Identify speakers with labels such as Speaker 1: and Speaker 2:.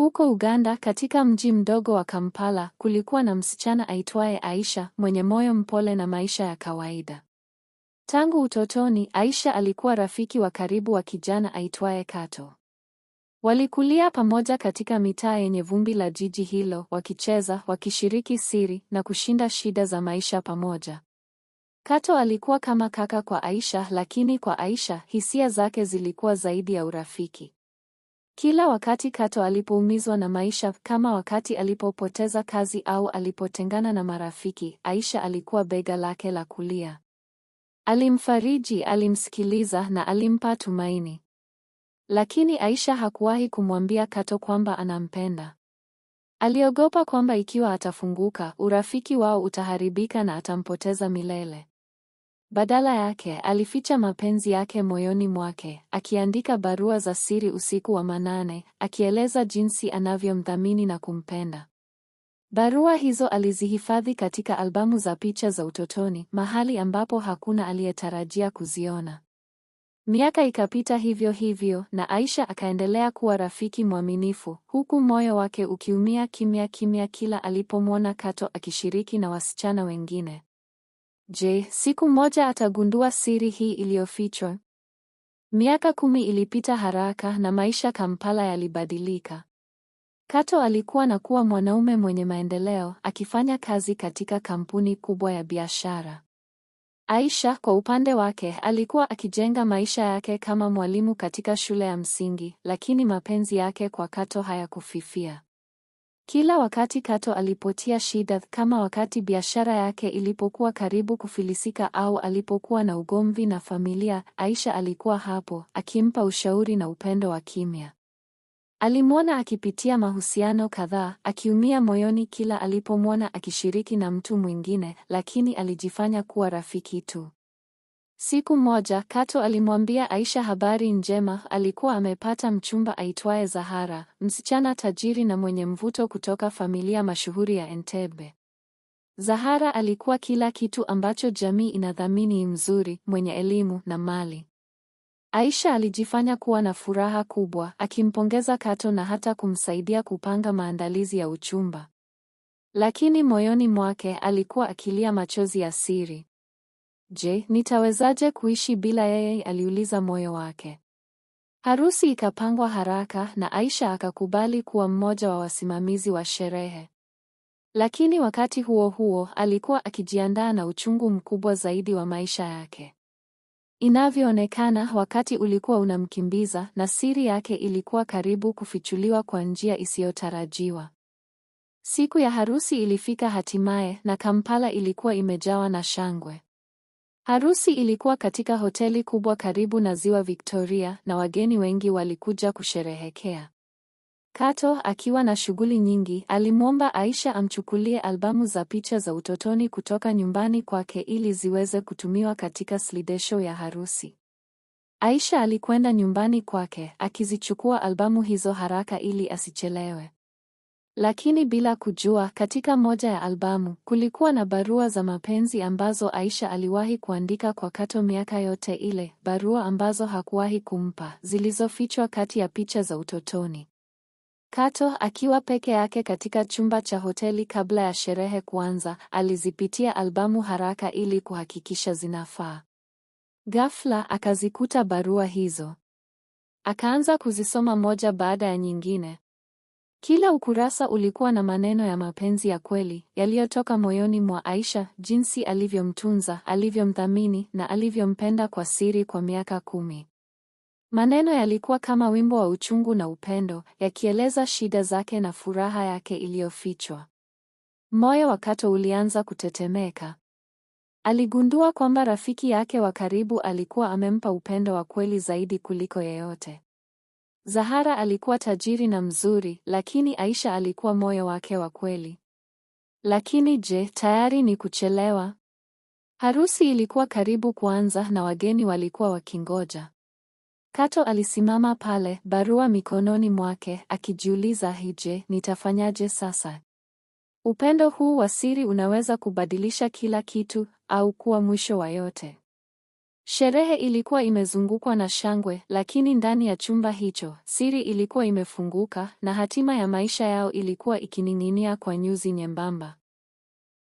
Speaker 1: Huko Uganda, katika mji mdogo wa Kampala, kulikuwa na msichana aitwaye Aisha mwenye moyo mpole na maisha ya kawaida. Tangu utotoni, Aisha alikuwa rafiki wa karibu wa kijana aitwaye Kato. Walikulia pamoja katika mitaa yenye vumbi la jiji hilo, wakicheza, wakishiriki siri na kushinda shida za maisha pamoja. Kato alikuwa kama kaka kwa Aisha, lakini kwa Aisha hisia zake zilikuwa zaidi ya urafiki. Kila wakati Kato alipoumizwa na maisha, kama wakati alipopoteza kazi au alipotengana na marafiki, Aisha alikuwa bega lake la kulia. Alimfariji, alimsikiliza na alimpa tumaini. Lakini Aisha hakuwahi kumwambia Kato kwamba anampenda. Aliogopa kwamba ikiwa atafunguka, urafiki wao utaharibika na atampoteza milele. Badala yake alificha mapenzi yake moyoni mwake, akiandika barua za siri usiku wa manane, akieleza jinsi anavyomdhamini na kumpenda. Barua hizo alizihifadhi katika albamu za picha za utotoni, mahali ambapo hakuna aliyetarajia kuziona. Miaka ikapita hivyo hivyo, na Aisha akaendelea kuwa rafiki mwaminifu, huku moyo wake ukiumia kimya kimya kila alipomwona Kato akishiriki na wasichana wengine. Je, siku moja atagundua siri hii iliyofichwa? Miaka kumi ilipita haraka na maisha Kampala yalibadilika. Kato alikuwa na kuwa mwanaume mwenye maendeleo akifanya kazi katika kampuni kubwa ya biashara. Aisha kwa upande wake alikuwa akijenga maisha yake kama mwalimu katika shule ya msingi, lakini mapenzi yake kwa Kato hayakufifia. Kila wakati Kato alipotia shida, kama wakati biashara yake ilipokuwa karibu kufilisika au alipokuwa na ugomvi na familia, Aisha alikuwa hapo akimpa ushauri na upendo wa kimya. Alimwona akipitia mahusiano kadhaa, akiumia moyoni kila alipomwona akishiriki na mtu mwingine, lakini alijifanya kuwa rafiki tu. Siku moja Kato alimwambia Aisha habari njema, alikuwa amepata mchumba aitwaye Zahara, msichana tajiri na mwenye mvuto kutoka familia mashuhuri ya Entebbe. Zahara alikuwa kila kitu ambacho jamii inadhamini: mzuri, mwenye elimu na mali. Aisha alijifanya kuwa na furaha kubwa, akimpongeza Kato na hata kumsaidia kupanga maandalizi ya uchumba. Lakini moyoni mwake alikuwa akilia machozi ya siri. Je, nitawezaje kuishi bila yeye? aliuliza moyo wake. Harusi ikapangwa haraka na Aisha akakubali kuwa mmoja wa wasimamizi wa sherehe. Lakini wakati huo huo alikuwa akijiandaa na uchungu mkubwa zaidi wa maisha yake. Inavyoonekana, wakati ulikuwa unamkimbiza na siri yake ilikuwa karibu kufichuliwa kwa njia isiyotarajiwa. Siku ya harusi ilifika hatimaye na Kampala ilikuwa imejawa na shangwe. Harusi ilikuwa katika hoteli kubwa karibu na Ziwa Victoria na wageni wengi walikuja kusherehekea. Kato akiwa na shughuli nyingi, alimwomba Aisha amchukulie albamu za picha za utotoni kutoka nyumbani kwake ili ziweze kutumiwa katika slidesho ya harusi. Aisha alikwenda nyumbani kwake akizichukua albamu hizo haraka ili asichelewe. Lakini bila kujua, katika moja ya albamu kulikuwa na barua za mapenzi ambazo Aisha aliwahi kuandika kwa Kato miaka yote ile, barua ambazo hakuwahi kumpa, zilizofichwa kati ya picha za utotoni. Kato akiwa peke yake katika chumba cha hoteli kabla ya sherehe kuanza, alizipitia albamu haraka ili kuhakikisha zinafaa. Ghafla akazikuta barua hizo, akaanza kuzisoma moja baada ya nyingine. Kila ukurasa ulikuwa na maneno ya mapenzi ya kweli yaliyotoka moyoni mwa Aisha, jinsi alivyomtunza, alivyomthamini na alivyompenda kwa siri kwa miaka kumi. Maneno yalikuwa kama wimbo wa uchungu na upendo, yakieleza shida zake na furaha yake iliyofichwa. Moyo wa Kato ulianza kutetemeka. Aligundua kwamba rafiki yake wa karibu alikuwa amempa upendo wa kweli zaidi kuliko yeyote. Zahara alikuwa tajiri na mzuri, lakini Aisha alikuwa moyo wake wa kweli. Lakini je, tayari ni kuchelewa? Harusi ilikuwa karibu kuanza na wageni walikuwa wakingoja. Kato alisimama pale, barua mikononi mwake, akijiuliza hije, nitafanyaje sasa? Upendo huu wa siri unaweza kubadilisha kila kitu au kuwa mwisho wa yote. Sherehe ilikuwa imezungukwa na shangwe, lakini ndani ya chumba hicho siri ilikuwa imefunguka na hatima ya maisha yao ilikuwa ikining'inia kwa nyuzi nyembamba.